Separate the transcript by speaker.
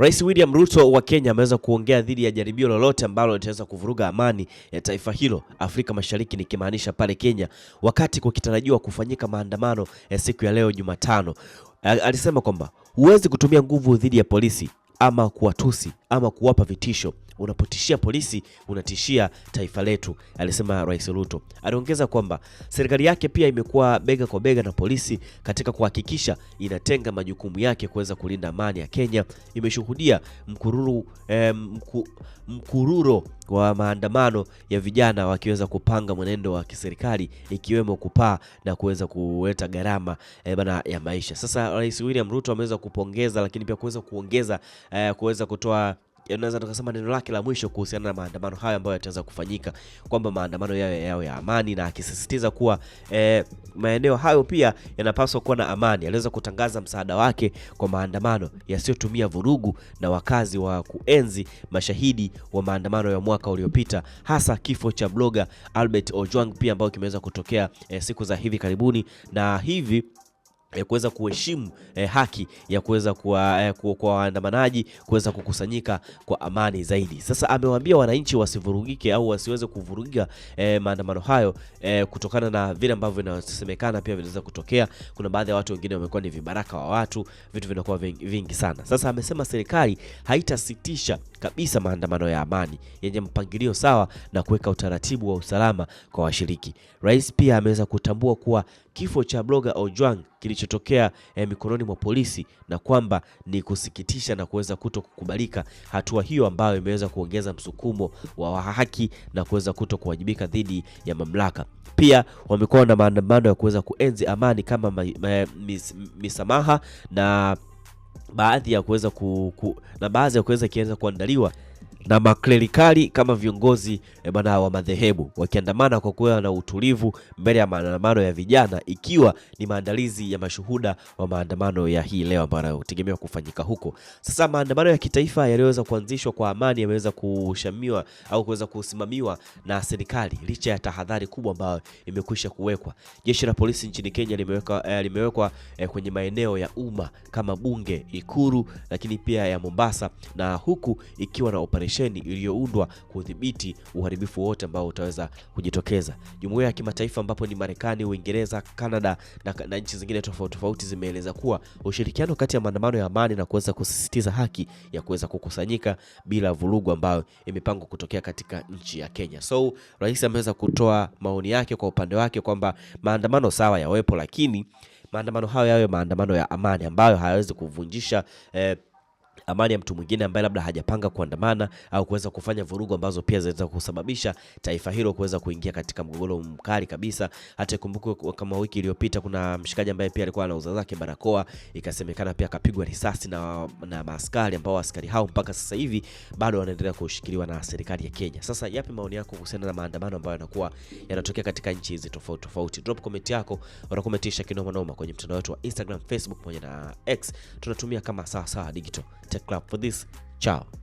Speaker 1: Rais William Ruto wa Kenya ameweza kuongea dhidi ya jaribio lolote ambalo litaweza kuvuruga amani ya taifa hilo Afrika Mashariki, nikimaanisha pale Kenya, wakati kukitarajiwa kufanyika maandamano ya siku ya leo Jumatano. Alisema kwamba huwezi kutumia nguvu dhidi ya polisi ama kuwatusi ama kuwapa vitisho unapotishia polisi unatishia taifa letu, alisema Rais Ruto. Aliongeza kwamba serikali yake pia imekuwa bega kwa bega na polisi katika kuhakikisha inatenga majukumu yake kuweza kulinda amani ya Kenya. Imeshuhudia mkururu, eh, mku, mkururo wa maandamano ya vijana wakiweza kupanga mwenendo wa kiserikali ikiwemo kupaa na kuweza kuleta gharama eh, bana ya maisha. Sasa Rais William Ruto ameweza kupongeza, lakini pia kuweza kuongeza eh, kuweza kutoa tunaweza tukasema neno lake la mwisho kuhusiana na maandamano hayo ambayo yataweza kufanyika kwamba maandamano yao yao ya amani, na akisisitiza kuwa eh, maeneo hayo pia yanapaswa kuwa na amani. Aliweza kutangaza msaada wake kwa maandamano yasiyotumia vurugu na wakazi wa kuenzi mashahidi wa maandamano ya mwaka uliopita, hasa kifo cha bloga Albert Ojwang pia ambayo kimeweza kutokea eh, siku za hivi karibuni na hivi E, kuweza kuheshimu e, haki ya kuweza eh, kwa e, waandamanaji kuweza kukusanyika kwa amani zaidi. Sasa amewaambia wananchi wasivurugike au wasiweze kuvuruga e, maandamano hayo e, kutokana na vile ambavyo vinasemekana pia vinaweza kutokea. Kuna baadhi ya watu wengine wamekuwa ni vibaraka wa watu, vitu vinakuwa vingi sana. Sasa amesema serikali haitasitisha kabisa maandamano ya amani yenye mpangilio sawa na kuweka utaratibu wa usalama kwa washiriki. Rais pia ameweza kutambua kuwa kifo cha bloga Ojwang kilichotokea eh, mikononi mwa polisi na kwamba ni kusikitisha na kuweza kuto kukubalika, hatua hiyo ambayo imeweza kuongeza msukumo wa haki na kuweza kuto kuwajibika dhidi ya mamlaka. Pia wamekuwa na maandamano ya kuweza kuenzi amani kama ma, ma, mis, misamaha na baadhi ya kuweza ku, ku, na baadhi ya kuweza kianza kuandaliwa na maklerikali kama viongozi bana eh, wa madhehebu wakiandamana kwa kuwa na utulivu mbele ya maandamano ya vijana, ikiwa ni maandalizi ya mashuhuda wa maandamano ya hii leo ambayo yanategemewa kufanyika huko. Sasa maandamano ya kitaifa yaliyoweza kuanzishwa kwa amani yameweza kushamiwa au kuweza kusimamiwa na serikali licha ya tahadhari kubwa ambayo imekwisha kuwekwa. Jeshi la polisi nchini Kenya limewekwa, eh, limewekwa eh, kwenye maeneo ya umma kama bunge, Ikuru, lakini pia ya Mombasa na huku ikiwa na operation operesheni iliyoundwa kudhibiti uharibifu wote ambao utaweza kujitokeza. Jumuiya ya kimataifa ambapo ni Marekani, Uingereza, Kanada na, na nchi zingine tofauti tofauti zimeeleza kuwa ushirikiano kati ya maandamano ya amani na kuweza kusisitiza haki ya kuweza kukusanyika bila vurugu ambayo imepangwa kutokea katika nchi ya Kenya. So rais ameweza kutoa maoni yake kwa upande wake kwamba maandamano sawa yawepo, lakini maandamano hayo yawe maandamano ya amani ambayo hayawezi kuvunjisha eh, amani ya mtu mwingine ambaye labda hajapanga kuandamana au kuweza kufanya vurugu ambazo pia zinaweza kusababisha taifa hilo kuweza kuingia katika mgogoro mkali kabisa. Hata ikumbukwe kama wiki iliyopita kuna mshikaji ambaye pia alikuwa anauza zake barakoa, ikasemekana pia akapigwa risasi na, na maaskari ambao askari hao mpaka sasa hivi bado wanaendelea kushikiliwa na serikali ya Kenya. Sasa yapi maoni yako kuhusiana na maandamano ambayo yanakuwa yanatokea katika nchi hizi tofauti tofauti? Drop comment yako, unakomentisha kinoma noma kwenye mtandao wetu wa Instagram, Facebook pamoja na X, tunatumia kama sawasawa digital Club for this. Ciao.